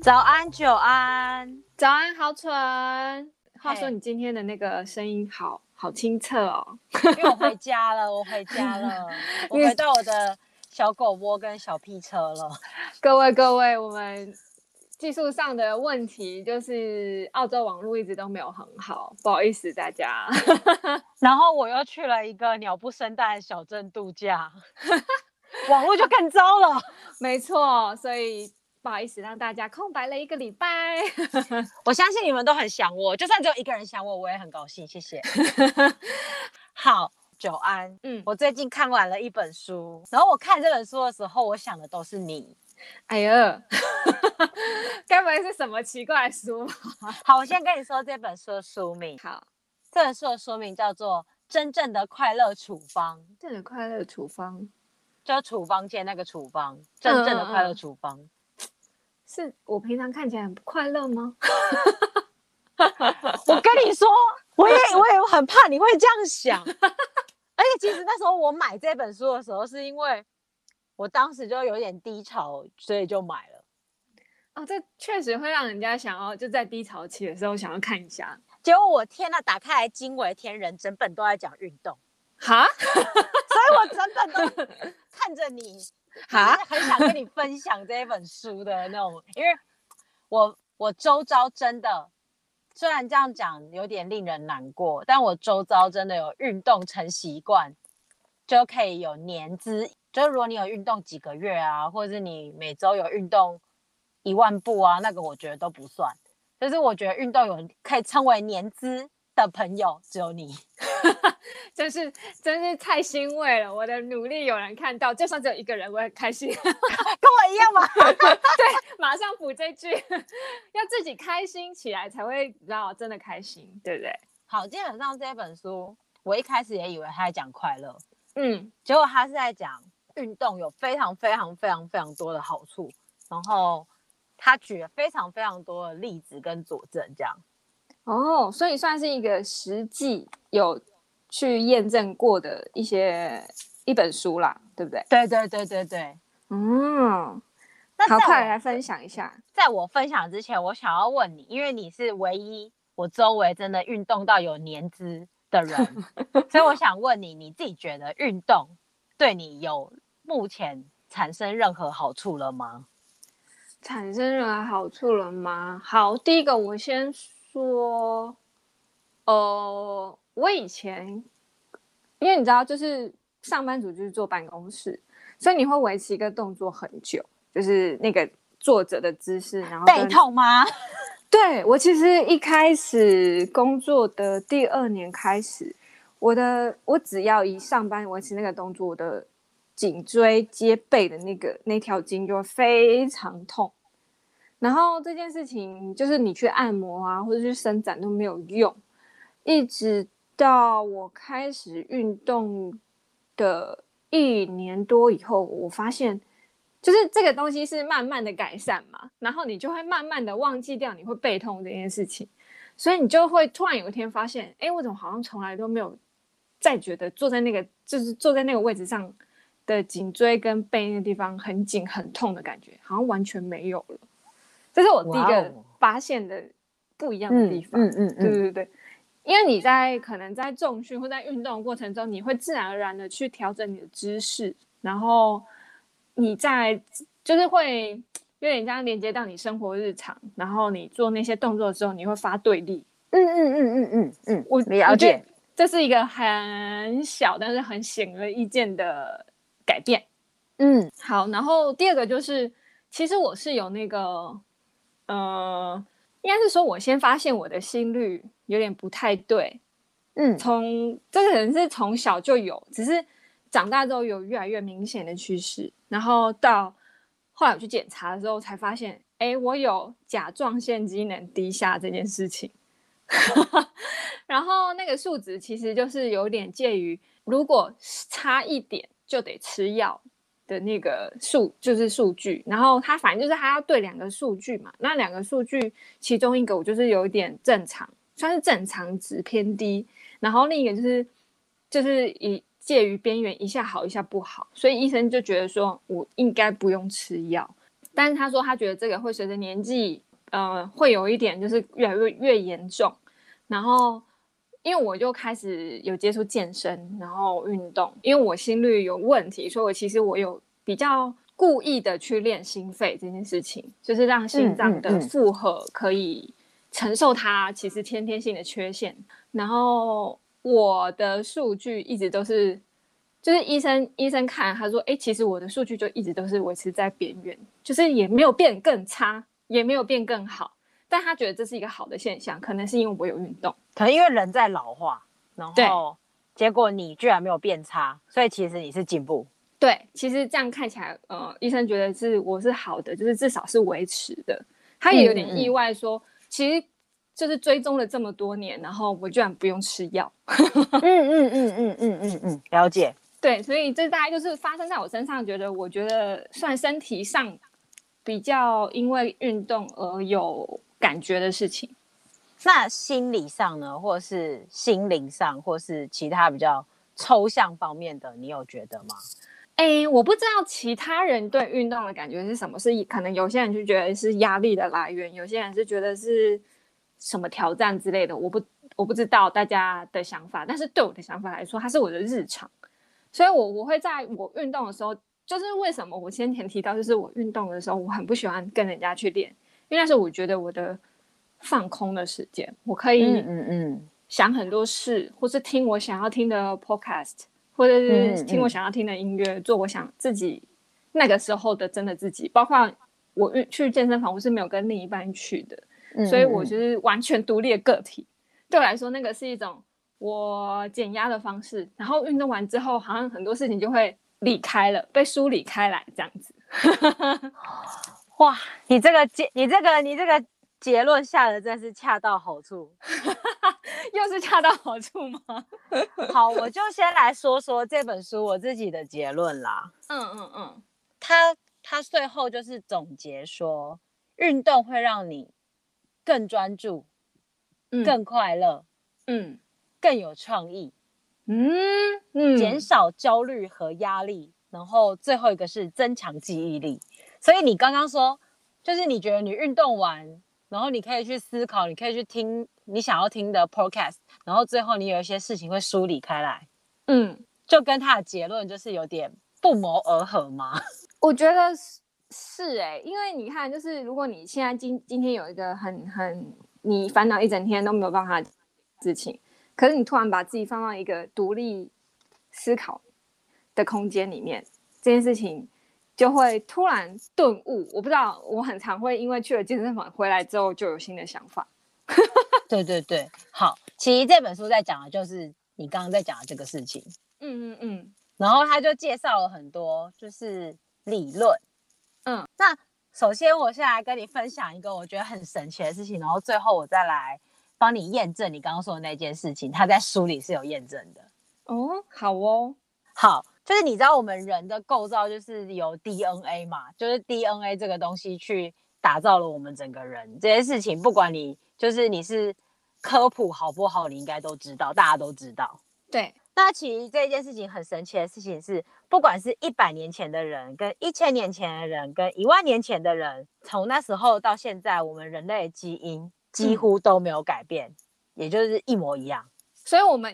早安，久安，早安，好蠢。Hey, 話說你今天的那個聲音好，好好清澈哦。 因為我回家了，我回家了， 我回到我的小狗窩跟小屁車了。 各位各位，我們技術上的問題就是澳洲網路一直都沒有很好，不好意思大家。 然後我又去了一個鳥不生蛋的小鎮度假， 網絡就更糟了。 沒錯，所以。不好意思，讓大家空白了一個禮拜。 我相信你們都很想我，就算只有一個人想我，我也很高興。謝謝。 好，久安，嗯，我最近看完了一本書，然後我看這本書的時候，我想的都是你。哎呀呦，該不會是什麼奇怪的書？好，我先跟你說這本書的書名。好， 這本書的書名叫做《真正的快樂處方》真。真的快樂處方，叫處方界那個處方，真正的快樂處方。嗯嗯是我平常看起來很不快樂嗎？ 我跟你說，我也我也很怕你會這樣想。 而且其實那時候我買這本書的時候，是因為我當時就有點低潮，所以就買了。啊、哦，這確實會讓人家想要就在低潮期的時候想要看一下。結果我天吶、啊，打開來驚為天人，整本都在講運動。哈蛤， 所以我整本都看着你。很很想跟你分享這一本書的那種，蛤 因為我我周遭真的，雖然這樣講有點令人難過，但我周遭真的有運動成習慣，就可以有年資。就是如果你有運動幾個月啊，或者是你每週有運動一萬步啊，那個我覺得都不算。就是我覺得運動有可以稱為年資。的朋友只有你， 真是真是太欣慰了！我的努力有人看到，就算只有一個人，我也開心。 跟我一樣嗎？ 對，馬上補這句：要自己開心起來，才會知道我真的開心，對不對？好，基本上這本書，我一開始也以為他在講快樂，嗯，結果他是在講運動有非常非常非常非常多的好處，然後他舉了非常非常多的例子跟佐證，這樣。哦，oh, 所以算是一個實際有去驗證過的一些一本書啦，對不對？對對對對對，嗯。那好，再來分享一下。在我分享之前，我想要問你，因為你是唯一我周圍真的運動到有年資的人， 所以我想問你，你自己覺得運動對你有目前產生任何好處了嗎？產生任何好處了嗎？好，第一個我先。說，呃，我以前，因為你知道，就是上班族就是坐辦公室，所以你會維持一個動作很久，就是那個坐着的姿勢，然後背痛嗎？對，我其實一開始工作的第二年開始，我的，我只要一上班維持那個動作，我的頸椎、肩背的那個那條筋就會非常痛。然後這件事情就是你去按摩啊，或者是伸展都沒有用，一直到我開始運動的一年多以後，我發現就是這個東西是慢慢的改善嘛，然後你就會慢慢的忘記掉你會背痛這件事情，所以你就會突然有一天發現，哎，我怎麼好像從來都沒有再覺得坐在那個就是坐在那個位置上的頸椎跟背那個地方很緊很痛的感覺，好像完全沒有了。這是我第一個發現的不一樣的地方。嗯嗯、哦、嗯，對、嗯、對、嗯嗯、對，因為你在可能在重訓或在運動的過程中，你會自然而然的去調整你的姿勢，然後你在就是會因為你這樣連接到你生活日常，然後你做那些動作的時候，你會發對力、嗯。嗯嗯嗯嗯嗯嗯，我、嗯、你、嗯嗯、了解，這是一個很小但是很顯而易見的改變。嗯，好，然後第二個就是，其實我是有那個。呃，應該是說我先發現我的心率有點不太對，嗯，從這個可能是從小就有，只是長大之後有越來越明顯的趨勢，然後到後來我去檢查的時候才發現，哎、欸，我有甲狀腺機能低下這件事情， 然後那個數值其實就是有點介於，如果差一點就得吃藥。的那個數就是數據，然後他反正就是他要對兩個數據嘛，那兩個數據其中一個我就是有一點正常，算是正常值偏低，然後另一個就是就是以介於邊緣，一下好一下不好，所以醫生就覺得說我應該不用吃藥，但是他說他覺得這個會隨着年紀呃會有一點就是越來越越嚴重，然後。因為我就開始有接觸健身，然後運動。因為我心率有問題，所以我其實我有比較故意的去練心肺這件事情，就是讓心臟的負荷可以承受它其實先天性的缺陷。嗯嗯嗯、然後我的數據一直都是，就是醫生醫生看他說，哎、欸，其實我的數據就一直都是維持在邊緣，就是也沒有變更差，也沒有變更好。但他覺得這是一個好的現象，可能是因為我有運動，可能因為人在老化，然後結果你居然沒有變差，對所以其實你是進步。對，其實這樣看起來，呃，醫生覺得是我是好的，就是至少是維持的。他也有點意外說，說、嗯嗯、其實就是追蹤了這麼多年，然後我居然不用吃藥。 嗯嗯嗯嗯嗯嗯嗯，了解。對，所以這大概就是發生在我身上，覺得我覺得算身體上比較因為運動而有，感覺的事情，那心理上呢，或是心靈上，或是其他比較抽象方面的，你有覺得嗎？哎、欸，我不知道其他人對運動的感覺是什麼，是可能有些人就覺得是壓力的來源，有些人是覺得是什麼挑戰之類的。我不我不知道大家的想法，但是對我的想法來說，它是我的日常，所以我我會在我運動的時候，就是為什麼我先前提到，就是我運動的時候，我很不喜歡跟人家去練。因為那是我覺得我的放空的時間，我可以嗯嗯想很多事，嗯嗯嗯、或是聽我想要聽的 podcast，、嗯嗯、或者是聽我想要聽的音樂，嗯嗯、做我想自己那個時候的真的自己。包括我運去健身房，我是沒有跟另一半去的，嗯、所以我就是完全獨立的個體。嗯、對我來說，那個是一種我減壓的方式。然後運動完之後，好像很多事情就會離開了，被梳理開來這樣子。 哇，你這個結，你這個你這個結論下的真是恰到好處， 又是恰到好處嗎？好，我就先來說說這本書我自己的結論啦。嗯嗯嗯，嗯嗯他他最後就是總結說，運動會讓你更專注、嗯、更快樂、嗯，更有創意，嗯嗯，減、嗯、少焦慮和壓力，然後最後一個是增強記憶力。所以你剛剛說，就是你覺得你運動完，然後你可以去思考，你可以去聽你想要聽的 podcast，然後最後你有一些事情會梳理開來，嗯，就跟他的結論就是有點不謀而合嗎？我覺得是，是哎，因為你看，就是如果你現在今今天有一個很很你煩惱一整天都沒有辦法的事情，可是你突然把自己放到一個獨立思考的空間裡面，這件事情。就會突然頓悟，我不知道，我很常會因為去了健身房回來之後就有新的想法。 對對對，好，其實這本書在講的就是你剛剛在講的這個事情。嗯嗯嗯，然後他就介紹了很多就是理論。嗯，那首先我先來跟你分享一個我覺得很神奇的事情，然後最後我再來幫你驗證你剛剛說的那件事情，他在書裡是有驗證的。哦，好哦，好。就是你知道我們人的構造就是由 DNA 嘛，就是 DNA 這個東西去打造了我們整個人這些事情，不管你就是你是科普好不好，你應該都知道，大家都知道。對，那其實這件事情很神奇的事情是，不管是一百年前的人，跟一千年前的人，跟一萬年前的人，從那時候到現在，我們人類基因幾乎都沒有改變，嗯、也就是一模一樣。所以，我們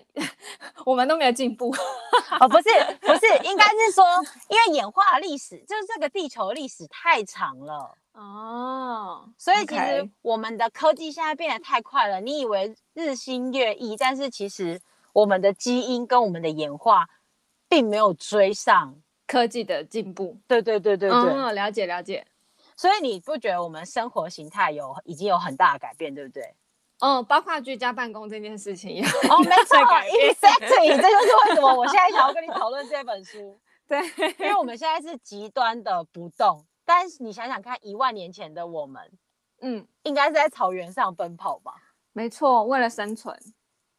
我們都沒有進步 哦，不是不是，應該是說，因為演化歷史 就是這個地球歷史太長了哦，所以其實我們的科技現在變得太快了，Okay. 你以為日新月異，但是其實我們的基因跟我們的演化並沒有追上科技的進步。對，對對對對對，嗯，了解了解。所以你不覺得我們生活形態有已經有很大的改變，對不對？嗯，包括居家辦公這件事情一樣， 哦，沒錯，Exactly，這就是為什麼我現在想要跟你討論這本書。 對，因為我們現在是極端的不動，但是你想想看，一萬年前的我們，嗯，應該是在草原上奔跑吧？沒錯，為了生存。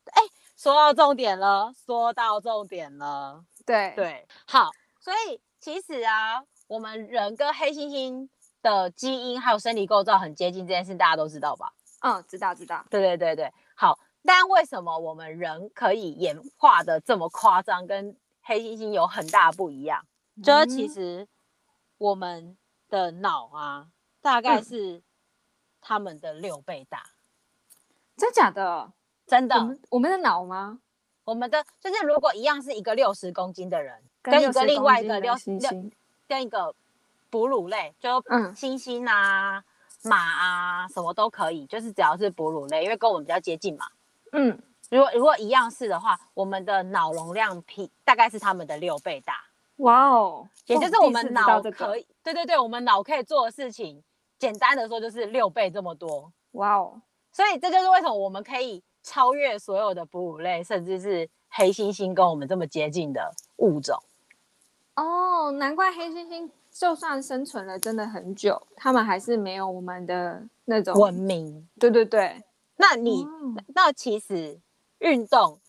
哎，說到重點了，說到重點了。對對，對好，所以其實啊，我們人跟黑猩猩的基因還有生理構造很接近，這件事大家都知道吧？嗯，知道知道，對對對對，好。但為什麼我們人可以演化的這麼誇張，跟黑猩猩有很大不一樣？嗯、就是其實我們的腦啊，嗯、大概是他們的六倍大。嗯、真假的？真的。我、我們的腦嗎？我們的就是如果一樣是一個六十公斤的人，跟一個另外一個六十公斤跟，跟一個哺乳類，就嗯，猩猩啊。嗯馬啊，什麼都可以，就是只要是哺乳類，因為跟我們比較接近嘛。嗯，如果如果一樣是的話，我們的腦容量 P 大概是他們的六倍大。哇哦，也就是我們腦可以，這個、對對對，我們腦可以做的事情，簡單的說就是六倍這麼多。哇哦，所以這就是為什麼我們可以超越所有的哺乳類，甚至是黑猩猩跟我們這麼接近的物種。哦，難怪黑猩猩。就算生存了真的很久，他們還是沒有我們的那種文明。對對對，那你、哦、那其實運動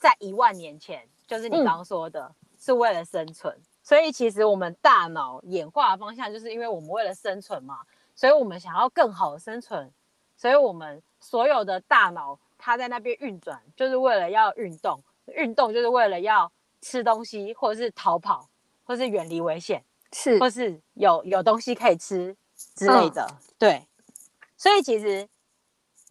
在一萬年前，就是你剛剛說的，是為了生存。嗯、所以其實我們大腦演化的方向，就是因為我們為了生存嘛，所以我們想要更好的生存，所以我們所有的大腦它在那邊運轉，就是為了要運動。運動就是為了要吃東西，或者是逃跑，或是遠離危險。是，或是有有東西可以吃之類的，嗯、對，所以其實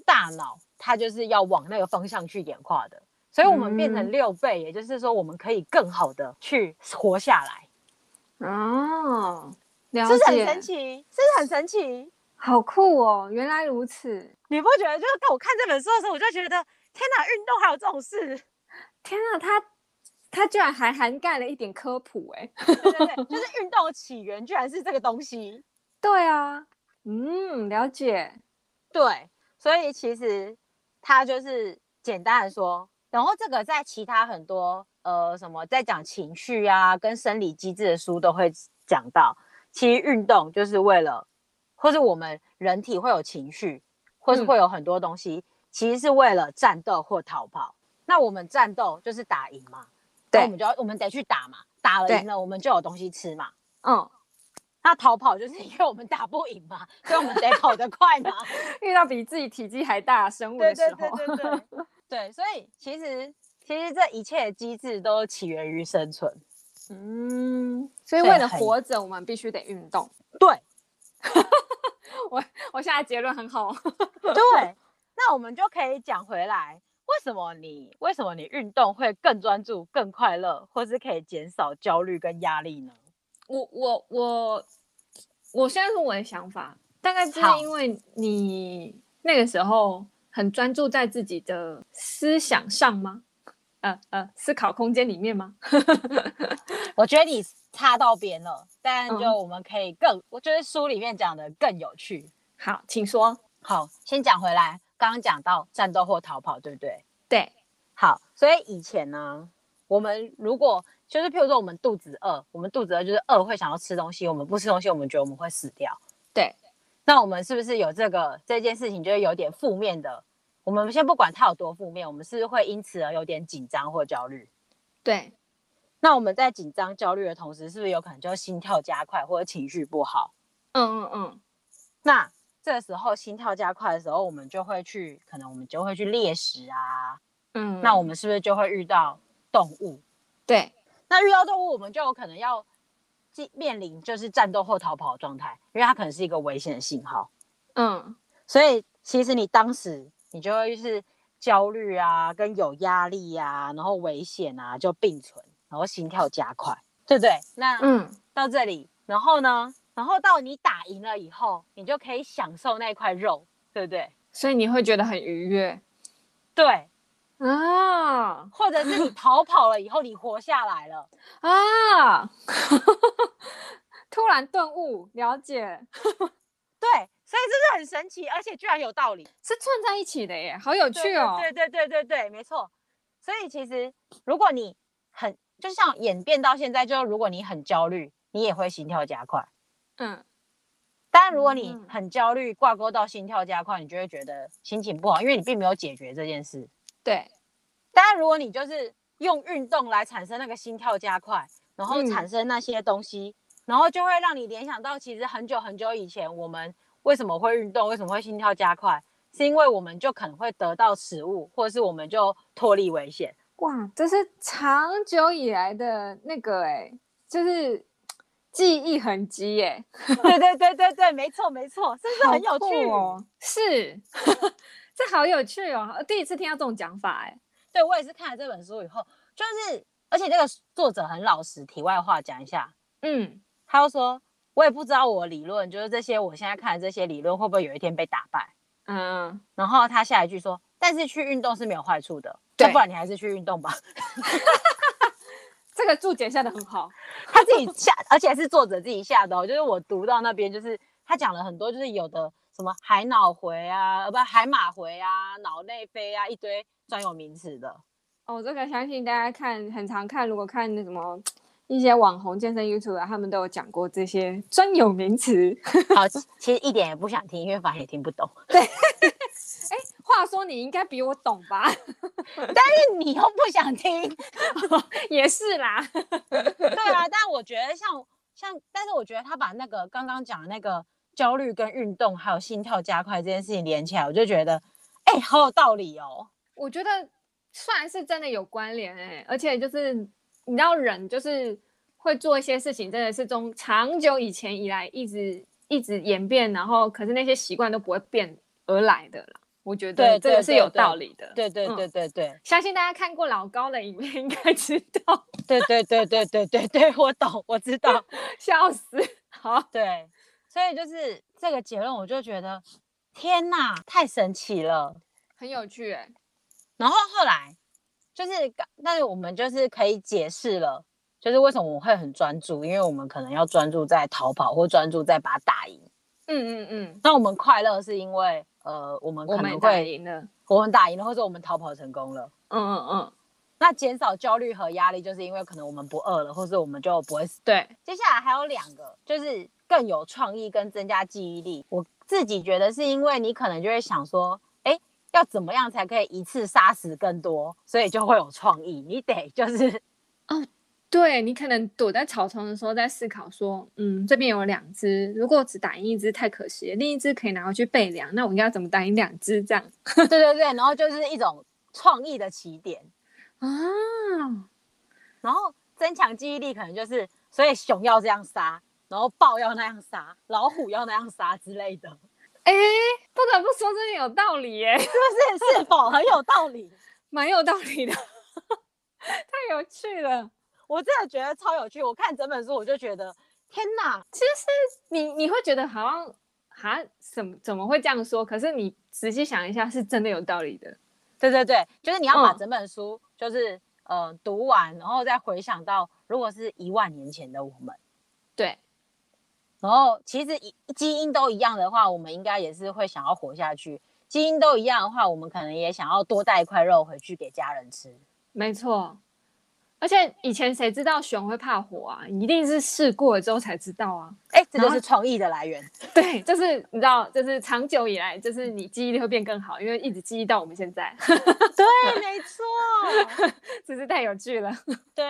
大腦它就是要往那個方向去演化的，所以我們變成六倍，嗯、也就是說我們可以更好的去活下來。哦，這是，是很神奇，這是，是很神奇，好酷哦！原來如此，你不覺得？就是當我看這本書的時候，我就覺得天哪、啊，運動還有這種事，天哪、啊，他。他居然還涵蓋了一點科普，欸，哎，對對對， 就是運動的起源居然是這個東西。對啊，嗯，了解。對，所以其實他就是簡單的說，然後這個在其他很多呃什麼在講情緒啊跟生理機制的書都會講到，其實運動就是為了，或是我們人體會有情緒，或是會有很多東西，嗯，其實是為了戰鬥或逃跑。那我們戰鬥就是打贏嘛。我們就要，我們得去打嘛，打了贏了，對我們就有東西吃嘛。嗯，那逃跑就是因為我們打不贏嘛，所以我們得跑得快嘛。 遇到比自己體積還大的生物的時候，對，對對對對對， 對，所以其實其實這一切機制都起源於生存。嗯，所以為了活着，我們必須得運動。以以對， 我我現在結論很好。 對，那我們就可以講回來。為什麼你為什麼你運動會更專注、更快樂，或是可以減少焦慮跟壓力呢？我我我，我先說我的想法，大概是因為你那個時候很專注在自己的思想上嗎？嗯、呃、嗯、呃，思考空間裡面嗎？ 我覺得你差到邊了，但就我們可以更，嗯、我覺得書裡面講的更有趣。好，請說。好，先講回來。剛剛講到戰鬥或逃跑，對不對？對，好，所以以前呢，我們如果就是譬如說我們肚子餓，我們肚子餓就是餓會想要吃東西，我們不吃東西，我們覺得我們會死掉。對，那我們是不是有這個這件事情就是有點負面的？我們先不管它有多負面，我們是不是會因此而有點緊張或焦慮？對，那我們在緊張焦慮的同時，是不是有可能就心跳加快或者情緒不好？嗯嗯嗯，那。這時候心跳加快的時候，我們就會去，可能我們就會去獵食啊，嗯，那我們是不是就會遇到動物？對，那遇到動物，我們就有可能要面臨就是戰鬥或逃跑的狀態，因為它可能是一個危險的信號，嗯，所以其實你當時你就會是焦慮啊，跟有壓力啊，然後危險啊就並存，然後心跳加快，對不對？那嗯，到這裡，然後呢？然後到你打贏了以後，你就可以享受那塊肉，對不對？所以你會覺得很愉悅，對啊。或者是你逃跑了以後，你活下來了啊， 突然頓悟，了解，對，所以這是很神奇，而且居然有道理，是串在一起的耶，好有趣哦。對對，對對對對對，沒錯。所以其實如果你很就像演變到現在，就是如果你很焦慮，你也會心跳加快。嗯，當然，如果你很焦慮，掛鈎到心跳加快，嗯嗯、你就會覺得心情不好，因為你並沒有解決這件事。對，當然，如果你就是用運動來產生那個心跳加快，然後產生那些東西，嗯、然後就會讓你聯想到，其實很久很久以前，我們為什麼會運動，為什麼會心跳加快，是因為我們就可能會得到食物，或者是我們就脫離危險。哇，這是長久以來的那個、欸，哎，就是。記憶痕跡、欸，哎，對對對對對，沒錯沒錯，是不是很有趣哦？是，是，這好有趣哦！第一次聽到這種講法、欸，哎，對，我也是看了這本書以後，就是而且那個作者很老實，題外話講一下，嗯，他就說，我也不知道我理論，就是這些，我現在看的這些理論會不會有一天被打敗？嗯，然後他下一句說，但是去運動是沒有壞處的，對不然你還是去運動吧。 這個注解下的很好， 他自己下， 而且還是作者自己下的、哦。就是我讀到那邊，就是他講了很多，就是有的什麼海腦回啊，不海馬回啊，腦內飛啊，一堆專有名詞的。哦，這個相信大家看很常看，如果看那什麼一些網紅健身 YouTube，他們都有講過這些專有名詞。 好，其實一點也不想聽，因為反正也聽不懂。對。 哎、欸，話說你應該比我懂吧， 但是你又不想聽， 也是啦。 對啊，但我覺得像像，但是我覺得他把那個剛剛講的那個焦慮跟運動還有心跳加快這件事情連起來，我就覺得哎、欸，好有道理哦。我覺得算是真的有關聯哎、欸，而且就是你知道人就是會做一些事情，真的是從長久以前以來一直一直演變，然後可是那些習慣都不會變而來的了。我覺得這個是有道理的。對對對對對，相信大家看過老高的影片，應該知道。對對對對對對對，我懂，我知道，笑死。好，對，所以就是這個結論，我就覺得天哪，太神奇了，很有趣哎。然後後來就是，那我們就是可以解釋了，就是為什麼我會很專注，因為我們可能要專注在逃跑，或專注在把他打贏。嗯嗯嗯。那我們快樂是因為。呃，我們可能會打贏了，我們打贏了，或者我們逃跑成功了。嗯嗯嗯，嗯那減少焦慮和壓力，就是因為可能我們不餓了，或者我們就不會死。對，接下來還有兩個，就是更有創意跟增加記憶力。我自己覺得是因為你可能就會想說，哎，要怎麼樣才可以一次殺死更多，所以就會有創意。你得就是，嗯。對，你可能躲在草叢的時候在思考說，嗯，這邊有兩只，如果只打贏一只太可惜，另一只可以拿回去備糧，那我應該要怎麼打贏兩只這樣？對對對，然後就是一種創意的起點啊，嗯、然後增強記憶力可能就是，所以熊要這樣殺，然後豹要那樣殺，老虎要那樣殺之類的。哎，不得不說，真的有道理耶、欸，是不是？是否很有道理？ 蠻有道理的， 太有趣了。我真的覺得超有趣。我看整本書，我就覺得天哪！其實你你會覺得好像好怎麼怎麼會這樣說？可是你仔細想一下，是真的有道理的。對對對，就是你要把整本書就是、哦、呃讀完，然後再回想到如果是一萬年前的我們，對，然後其實一基因都一樣的話，我們應該也是會想要活下去。基因都一樣的話，我們可能也想要多帶一塊肉回去給家人吃。沒錯。而且以前誰知道熊會怕火啊？一定是試過了之後才知道啊！哎、欸，後這就是創意的來源。對，就是你知道，就是長久以來，就是你記憶力會變更好，因為一直記憶到我們現在。 對，沒錯，這 是太有趣了。對，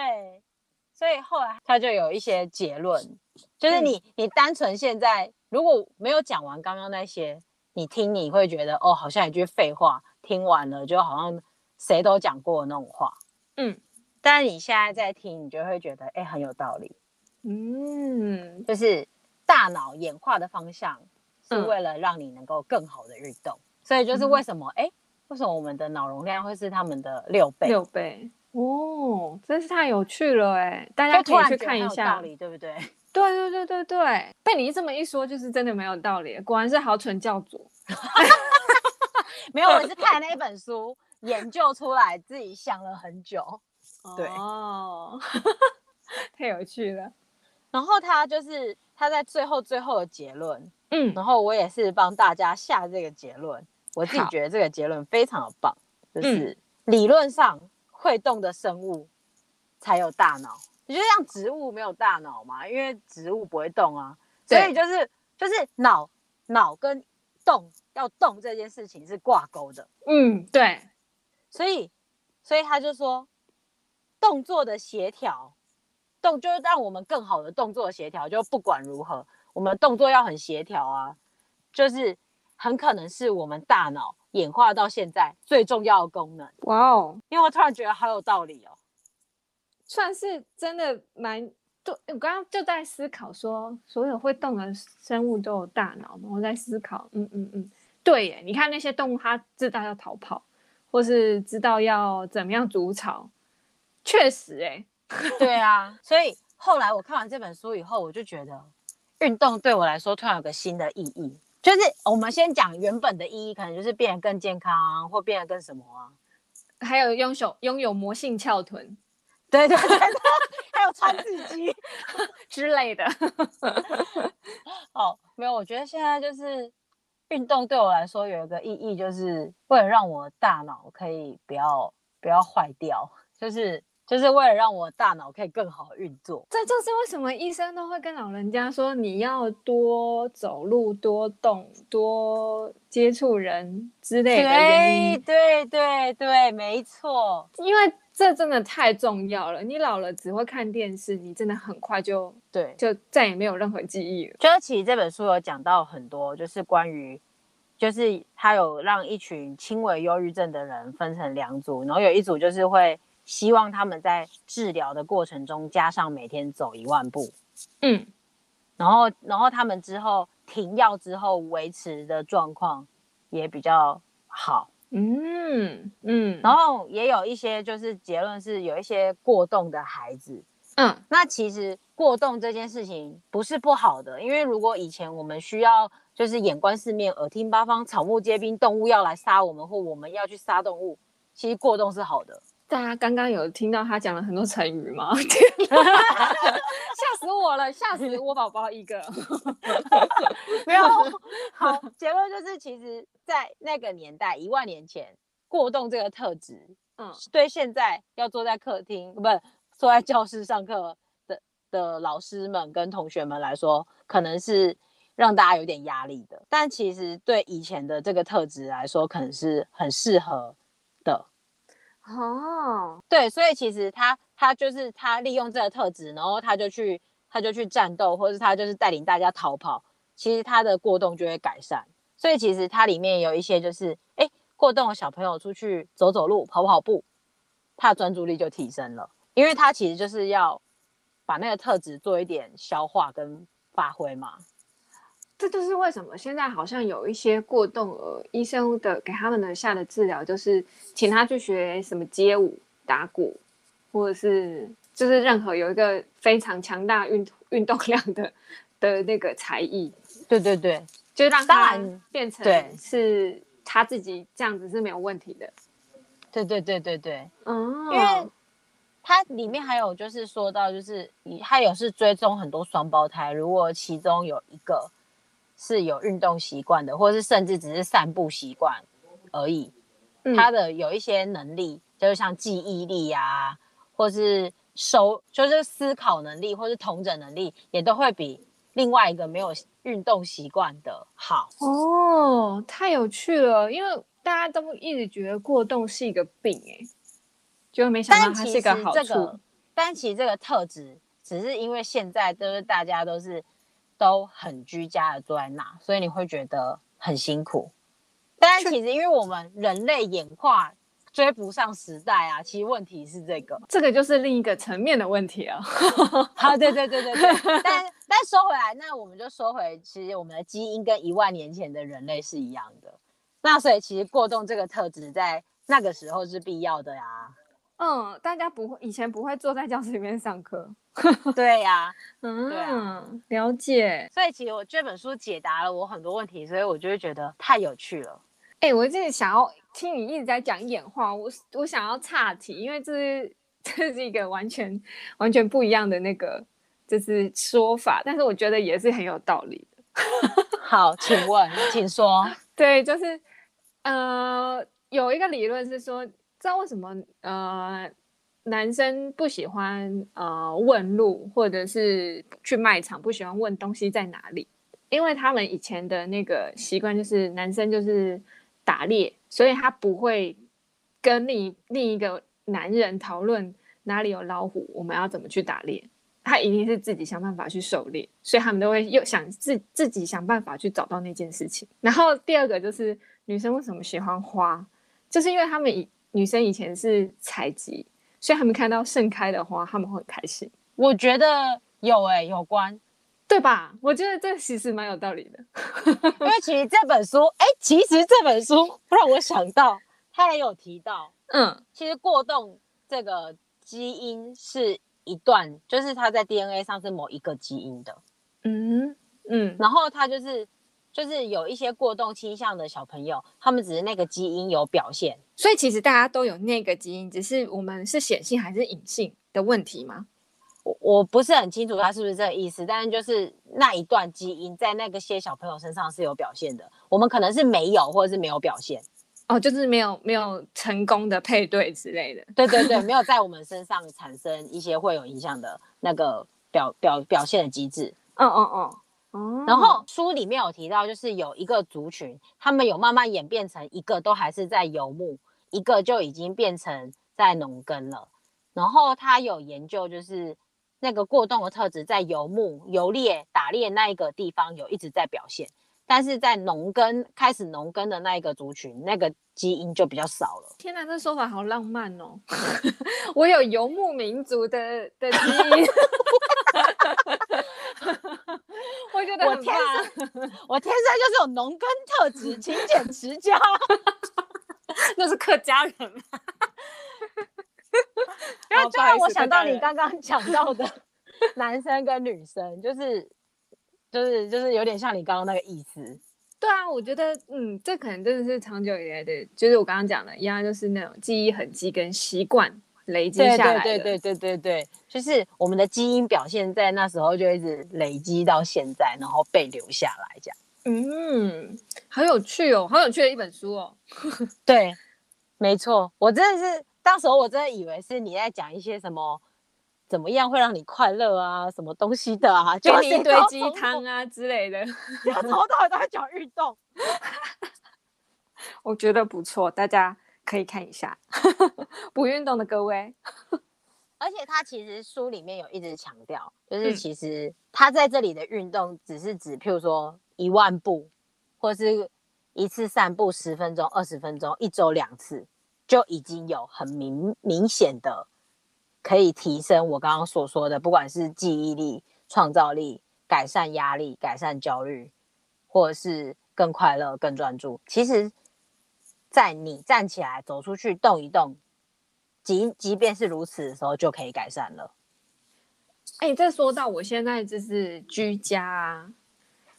所以後來他就有一些結論，就是你對你單純現在如果沒有講完剛剛那些，你聽你會覺得哦，好像一句廢話。聽完了就好像誰都講過的那種話。嗯。但你現在在聽，你就會覺得哎、欸、很有道理，嗯，就是大腦演化的方向是為了讓你能夠更好的運動，嗯、所以，就是為什麼哎、嗯、欸、為什麼我們的腦容量會是他們的六倍？六倍哦，真是太有趣了哎、欸，大家可以去看一下，道理對不對？對對對對對，被你這麼一說，就是真的沒有道理、欸，果然是好蠢教主，沒有，我是看那一本書研究出來， 自己想了很久。對哦， 太有趣了。然後他就是他在最後最後的結論，嗯，然後我也是幫大家下這個結論。我自己覺得這個結論非常的棒，好就是、嗯、理論上會動的生物才有大腦，你就像植物沒有大腦嘛？因為植物不會動啊，所以就是對就是腦腦跟動要動這件事情是掛鈎的，嗯，對。所以所以他就說。動作的協調，動就是讓我們更好的動作協調。就不管如何，我們動作要很協調啊，就是很可能是我們大腦演化到現在最重要的功能。哇哦，因為我突然覺得好有道理哦，算是真的蠻。就我剛剛就在思考說，所有會動的生物都有大腦嗎？我在思考，嗯嗯嗯，對耶。你看那些動物，它知道要逃跑，或是知道要怎麼樣築巢。確實哎、欸， 對啊，所以後來我看完這本書以後，我就覺得運動對我來說突然有個新的意義，就是我們先講原本的意義，可能就是變得更健康、啊、或變得更什麼啊，還有擁有擁有魔性翹臀， 對，對對，還有川字肌 之類的。 好，沒有，我覺得現在就是運動對我來說有一個意義，就是為了讓我的大腦可以不要不要壞掉，就是。就是為了讓我大腦可以更好運作，這就是為什麼醫生都會跟老人家說你要多走路、多動、多接觸人之類的對。對對對對，沒錯，因為這真的太重要了。你老了只會看電視，你真的很快就對，就再也沒有任何記憶了。就其實這本書有講到很多，就是關於，就是他有讓一群輕微憂鬱症的人分成兩組，然後有一組就是會。希望他們在治療的過程中加上每天走一萬步，嗯，然後然後他們之後停藥之後維持的狀況也比較好，嗯嗯，嗯然後也有一些就是結論是有一些過動的孩子，嗯，那其實過動這件事情不是不好的，因為如果以前我們需要就是眼觀四面耳聽八方，草木皆兵，動物要來殺我們或我們要去殺動物，其實過動是好的。大家剛剛有聽到他講了很多成語嗎？天吶，嚇死我了，嚇死我寶寶一個。不要，好，結論就是，其實，在那個年代，一萬年前，過動這個特質，嗯，對現在要坐在客廳，不，坐在教室上課的的老師們跟同學們來說，可能是讓大家有點壓力的。但其實對以前的這個特質來說，可能是很適合的。哦，oh. 對，所以其實他他就是他利用這個特質，然後他就去他就去戰鬥，或是他就是帶領大家逃跑。其實他的過動就會改善，所以其實它裡面有一些就是，誒，過動小朋友出去走走路、跑跑步，他的專注力就提升了，因為他其實就是要把那個特質做一點消化跟發揮嘛。這就是為什麼現在好像有一些過動兒，醫生的給他們的下的治療，就是請他去學什麼街舞、打鼓，或者是就是任何有一個非常強大運運動量的的那個才藝。對對對，就讓他變成對，是他自己這樣子是沒有問題的。對，對對對對對，嗯、哦，因為他裡面還有就是說到就是他有是追蹤很多雙胞胎，如果其中有一個，是有運動習慣的，或是甚至只是散步習慣而已，他的有一些能力，嗯、就是像記憶力啊，或是收，就是思考能力，或是統整能力，也都會比另外一個沒有運動習慣的好。哦，太有趣了，因為大家都一直覺得過動是一個病、欸，哎，就沒想到它是一個好處。但其實這個，這個特質，只是因為現在都是大家都是。都很居家的坐在那，所以你會覺得很辛苦。當然其實，因為我們人類演化追不上時代啊，其實問題是這個，這個就是另一個層面的問題啊。好、 啊，對對對對對。 但但說回來，那我們就說回，其實我們的基因跟一萬年前的人類是一樣的。那所以其實過動這個特質在那個時候是必要的呀、啊。嗯，大家不會以前不會坐在教室裡面上課。 對呀、啊，嗯，對啊、了解。所以其實我這本書解答了我很多問題，所以我就會覺得太有趣了。哎、欸，我就是想要聽你一直在講演化。我我想要岔題，因為這是這是一個完全完全不一樣的那個就是說法，但是我覺得也是很有道理。 好，請問， 請說。對，就是呃，有一個理論是說，知道為什麼呃？男生不喜歡呃問路，或者是去賣場，不喜歡問東西在哪裡，因為他們以前的那個習慣就是男生就是打獵，所以他不會跟另另一個男人討論哪裡有老虎，我們要怎麼去打獵，他一定是自己想辦法去狩獵，所以他們都會又想自自己想辦法去找到那件事情。然後第二個就是女生為什麼喜歡花，就是因為他們以女生以前是採集。所以他們看到盛開的花，他們會很開心。我覺得有誒、欸，有關，對吧？我覺得這其實蠻有道理的， 因為其實這本書，哎、欸，其實這本書讓我想到，它也 有提到，嗯，其實過動這個基因是一段，就是它在 DNA 上是某一個基因的，嗯嗯，然後它就是。就是有一些過動傾向的小朋友，他們只是那個基因有表現，所以其實大家都有那個基因，只是我們是顯性還是隱性的問題嗎？我我不是很清楚他是不是這個意思，但是就是那一段基因在那個些小朋友身上是有表現的，我們可能是沒有或者是沒有表現，哦，就是沒有沒有成功的配對之類的， 對對對，沒有在我們身上產生一些會有影響的那個表表表現的機制，嗯嗯嗯。嗯嗯然後書裡面有提到，就是有一個族群，他們有慢慢演變成一個都還是在游牧，一個就已經變成在農耕了。然後他有研究，就是那個過動的特質在游牧、游獵、打獵那一個地方有一直在表現，但是在農耕開始農耕的那一個族群，那個基因就比較少了。天吶，這說法好浪漫哦！ 我有游牧民族的的基因。 我天啊， 我天生就是有農耕特質，勤儉持家。 那是客家人啊。然 好 後因為我想到你剛剛講到的家 男生跟女生，就是就是就是有點像你剛剛那個意思。對啊，我覺得嗯，這可能真的是長久以來的，就是我剛剛講的一樣，就是那種記憶痕跡跟習慣。累積下來，對對對對對對，對，對，對，就是我們的基因表現在那時候就一直累積到現在，然後被留下來這樣。嗯，好有趣哦，好有趣的一本書哦。 對，沒錯，我真的是，當時候我真的以為是你在講一些什麼怎麼樣會讓你快樂啊，什麼東西的啊，就是一堆雞湯啊之類的。然後，頭到尾都在講運動。 我覺得不錯，大家。可以看一下不運 動的各位，而且他其實書裡面有一直強調，嗯、就是其實他在這裡的運動只是指，譬如說一萬步，或是一次散步十分鐘、二十分鐘，一周兩次就已經有很明明顯的可以提升我剛剛所說的，不管是記憶力、創造力、改善壓力、改善焦慮，或者是更快樂、更專注，其實。在你站起來、走出去、動一動，即即便是如此的時候，就可以改善了。哎、欸，這說到我現在就是居家啊，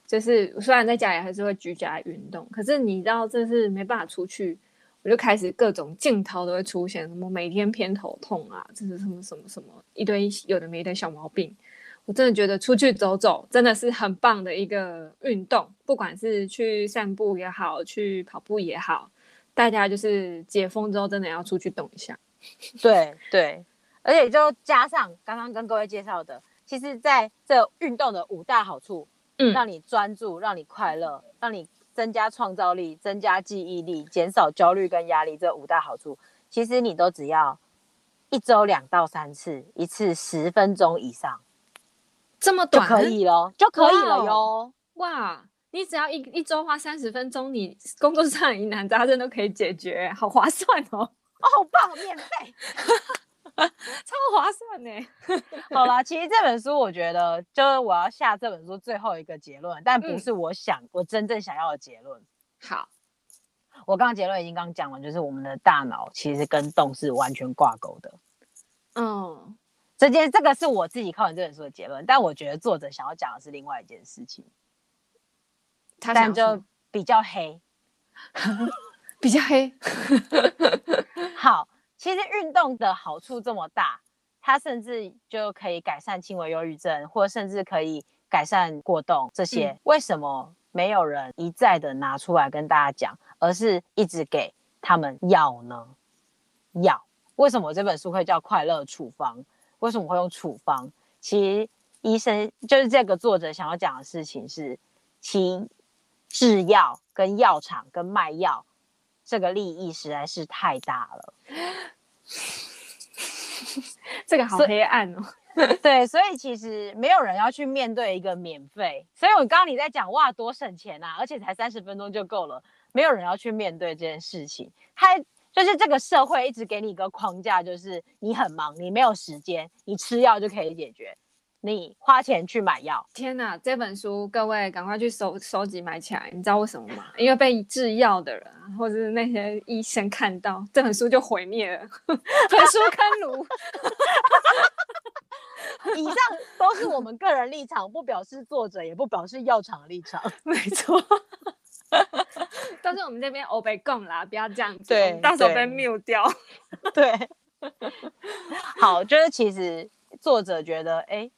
就是雖然在家裡還是會居家運動，可是你知道這是沒辦法出去，我就開始各種鏡頭都會出現，什麼每天偏頭痛啊，這是什麼什麼什麼一堆有的沒的小毛病。我真的覺得出去走走真的是很棒的一個運動，不管是去散步也好，去跑步也好。大家就是解封之後，真的要出去動一下對。對對， 而且就加上剛剛跟各位介紹的，其實在這運動的五大好處，嗯，讓你專注，讓你快樂，讓你增加創造力，增加記憶力，減少焦慮跟壓力，這五大好處，其實你都只要一周兩到三次，一次十分鐘以上，這麼短就可以了，就可以了喲，哇。你只要一一周花三十分鐘，你工作上疑難雜症都可以解決，好划算哦！哦，好棒，免費， 超划算呢。 好了，其實這本書我覺得，就是我要下這本書最後一個結論，但不是我想、嗯、我真正想要的結論。好，我剛剛結論已經剛講完，就是我們的大腦其實跟動是完全掛鈎的。嗯，這件這個是我自己看完這本書的結論，但我覺得作者想要講的是另外一件事情。但就比較黑， 比較黑。 好，其實運動的好處這麼大，它甚至就可以改善輕微憂鬱症，或甚至可以改善過動這些。嗯、為什麼沒有人一再的拿出來跟大家講，而是一直給他們藥呢？藥，為什麼這本書會叫《快樂處方》？為什麼會用處方？其實醫生就是這個作者想要講的事情是，輕製藥跟藥廠跟賣藥，這個利益實在是太大了， 這個好黑暗哦。對，所以其實沒有人要去面對一個免費，所以我剛剛你在講哇多省錢啊，而且才三十分鐘就夠了，沒有人要去面對這件事情。他就是這個社會一直給你一個框架，就是你很忙，你沒有時間，你吃藥就可以解決。你花錢去買藥，天哪，啊！這本書，各位趕快去收收集買起來。你知道為什麼嗎？因為被製藥的人或者是那些醫生看到這本書就毀滅了，焚 書坑儒。 以上都是我們個人立場， 不表示作者，也不表示藥廠立場。沒錯錯，但 是我們這邊歐北共啦，不要這樣子。對，對，到時候被滅掉。對，好，就是其實作者覺得，哎，欸。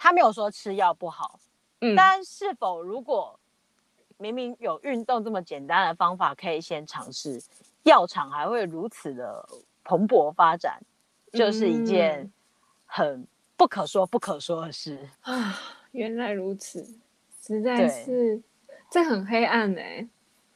他沒有說吃藥不好，嗯，但是否如果明明有運動這麼簡單的方法，可以先嘗試，藥廠還會如此的蓬勃發展，嗯、就是一件很不可說不可說的事啊。原來如此，實在是對，這很黑暗哎、欸。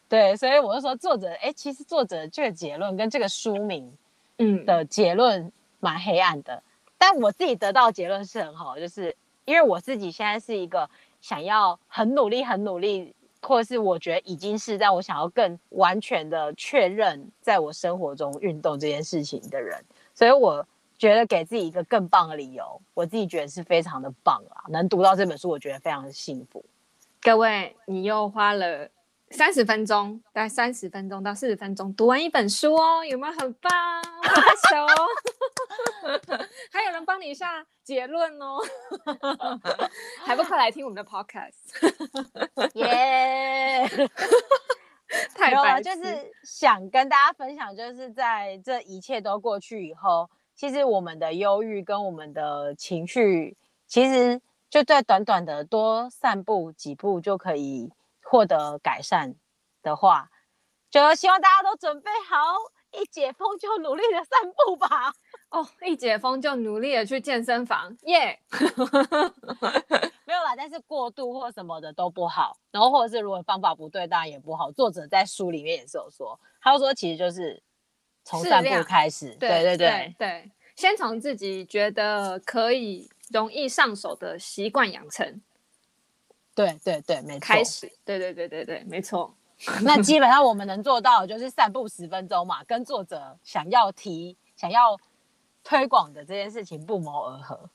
對，所以我就說作者，哎、欸，其實作者這個結論跟這個書名，嗯，的結論蠻黑暗的，嗯、但我自己得到的結論是很好，就是。因為我自己現在是一個想要很努力、很努力，或者是我覺得已經是在我想要更完全的確認，在我生活中運動這件事情的人，所以我覺得給自己一個更棒的理由，我自己覺得是非常的棒啊！能讀到這本書，我覺得非常的幸福。各位，你又花了三十分鐘，大概三十分鐘到四十分鐘讀完一本書哦，有沒有很棒？好巧。 還有人幫你下結論哦， 還不快來聽我們的 podcast？耶！太有了，就是想跟大家分享，就是在這一切都過去以後，其實我們的憂鬱跟我們的情緒，其實就在短短的多散步幾步就可以獲得改善的話，就希望大家都準備好，一解封就努力的散步吧。哦，oh, 一解封就努力的去健身房，耶、yeah! 沒有啦，但是過度或什麼的都不好，然後或者是如果方法不對，當然也不好。作者在書裡面也是有說，他就說其實就是從散步開始，對對對對，對對對先從自己覺得可以容易上手的習慣養成，對對對，沒錯。開始，對對對對對，沒錯。 那基本上我們能做到就是散步十分鐘嘛，跟作者想要提想要。推廣的這件事情不謀而合，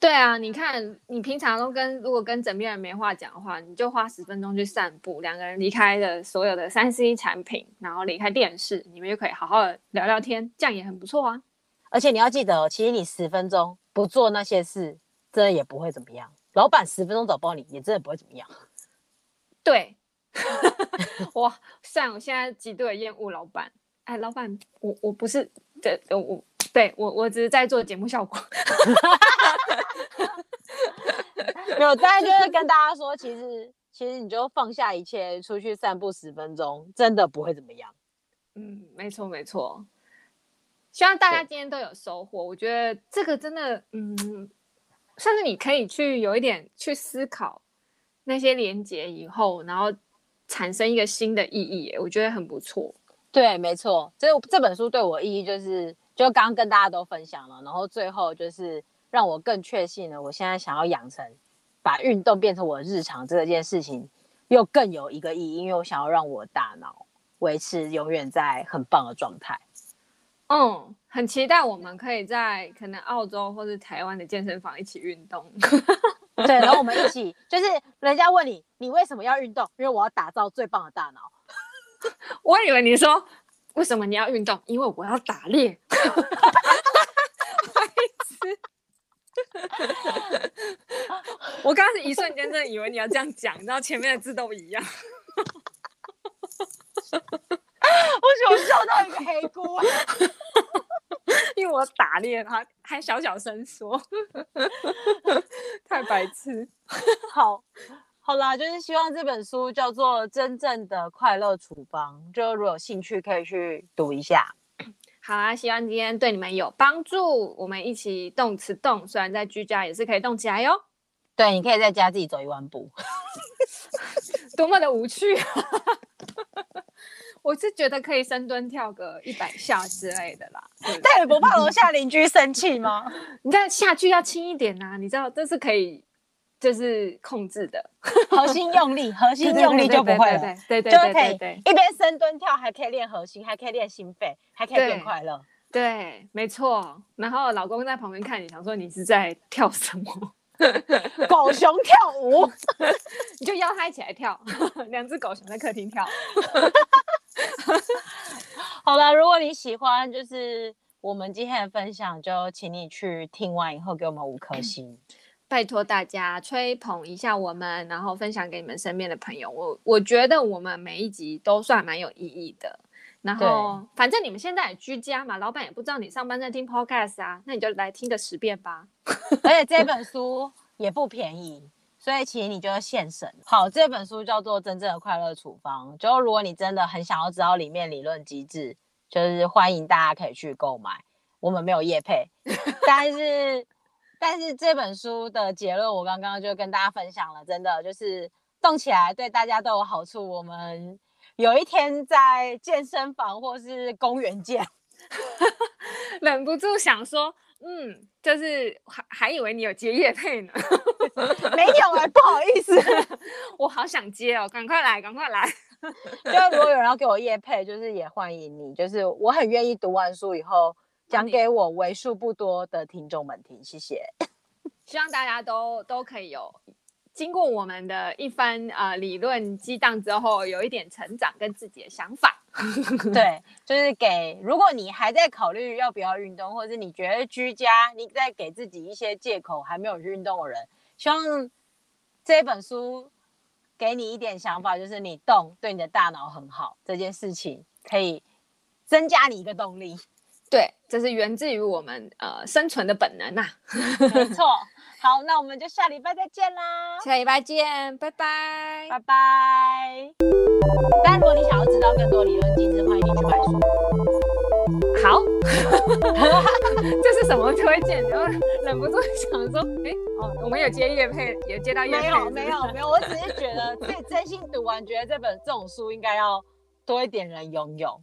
對啊，你看你平常都跟如果跟枕邊人沒話講的話，你就花十分鐘去散步，兩個人離開的所有的三 C 產品，然後離開電視，你們就可以好好的聊聊天，這樣也很不錯啊。而且你要記得哦，其實你十分鐘不做那些事，真的也不會怎麼樣。老板十分鐘找不到你，也真的不會怎麼樣。對， 哇，算我現在極度厭惡老板。哎，老板，我我不是，對，我。對我，我只是在做節目效果，沒有。大家就是跟大家說，其實其實你就放下一切，出去散步十分鐘，真的不會怎麼樣。嗯，沒錯沒錯。希望大家今天都有收穫。對我覺得這個真的，嗯，甚至你可以去有一點去思考那些連結以後，然後產生一個新的意義。我覺得很不錯。對，沒錯。這這本書對我意義就是。就剛剛跟大家都分享了，然後最後就是讓我更確信了，我現在想要養成把運動變成我的日常這件事情，又更有一個意義，因為我想要讓我的大腦維持永遠在很棒的狀態。嗯，很期待我們可以在可能澳洲或是台灣的健身房一起運動。 對，然後我們一起，就是人家問你，你為什麼要運動？因為我要打造最棒的大腦。 我以為你說。為什麼你要運動？因為我要打獵。 意 我剛剛一瞬間真的以為你要這樣講，然後前面的字都一樣。為什麼我受到一個黑鍋？ 因為我打獵，然後還小小聲說， 太白痴癡。 好。好啦，就是希望這本書叫做《真正的快樂處方》，就如果有興趣可以去讀一下。好啦、啊，希望今天對你們有幫助，我們一起動詞動，雖然在居家也是可以動起來喲。對，你可以在家自己走一萬步， 多麼的無趣啊！ 我是覺得可以深蹲跳個一百下之類的啦。是是，但你不怕樓下鄰居生氣嗎？ 你這樣下去要輕一點吶、啊，你知道這是可以。就是控制的核心用力，核心用力就不會了。對對對，對，就可以一邊深蹲跳，還可以練核心，還可以練心肺，還可以變快樂。對，沒錯。然後老公在旁邊看你，想說你是在跳什麼？狗熊跳舞， 你就邀他一起來跳，兩 只狗熊在客廳跳。 好了，如果你喜歡就是我們今天的分享，就請你去聽完以後給我們五顆星。嗯拜託大家吹捧一下我們，然後分享給你們身邊的朋友。我我覺得我們每一集都算蠻有意義的。然後對反正你們現在也居家嘛，老闆也不知道你上班在聽 podcast 啊，那你就來聽個十遍吧。而且這本書也不便宜， 所以其實你就要現省。好，這本書叫做《真正的快樂處方》。就如果你真的很想要知道裡面理論機制，就是歡迎大家可以去購買。我們沒有業配， 但是。但是這本書的結論，我剛剛就跟大家分享了，真的就是動起來對大家都有好處。我們有一天在健身房或是公園見， 忍不住想說，嗯，就是還還以為你有接業配呢， 沒有哎、欸，不好意思， 我好想接哦、喔，趕快來，趕快來， 就如果有人要給我業配，就是也歡迎你，就是我很願意讀完書以後。講給我為數不多的聽眾們聽，謝謝。希望大家都都可以有經過我們的一番呃理論激盪之後，有一點成長跟自己的想法。 對，就是給如果你還在考慮要不要運動，或者是你覺得居家你在給自己一些借口還沒有運動的人，希望這本書給你一點想法，就是你動對你的大腦很好，這件事情可以增加你一個動力。對，這是源自於我們呃生存的本能吶、啊， 沒錯。好，那我們就下禮拜再見啦，下禮拜見，拜拜，拜拜 bye。但如果你想要知道更多理論機制的話，歡迎你去買書。好， 這是什麼推薦？然後忍不住想說，哎、欸，哦，我們有接業配，嗯、有接到業配。沒有，沒有，沒有，我只是覺得，真心讀完，覺得這本這種書應該要多一點人擁有。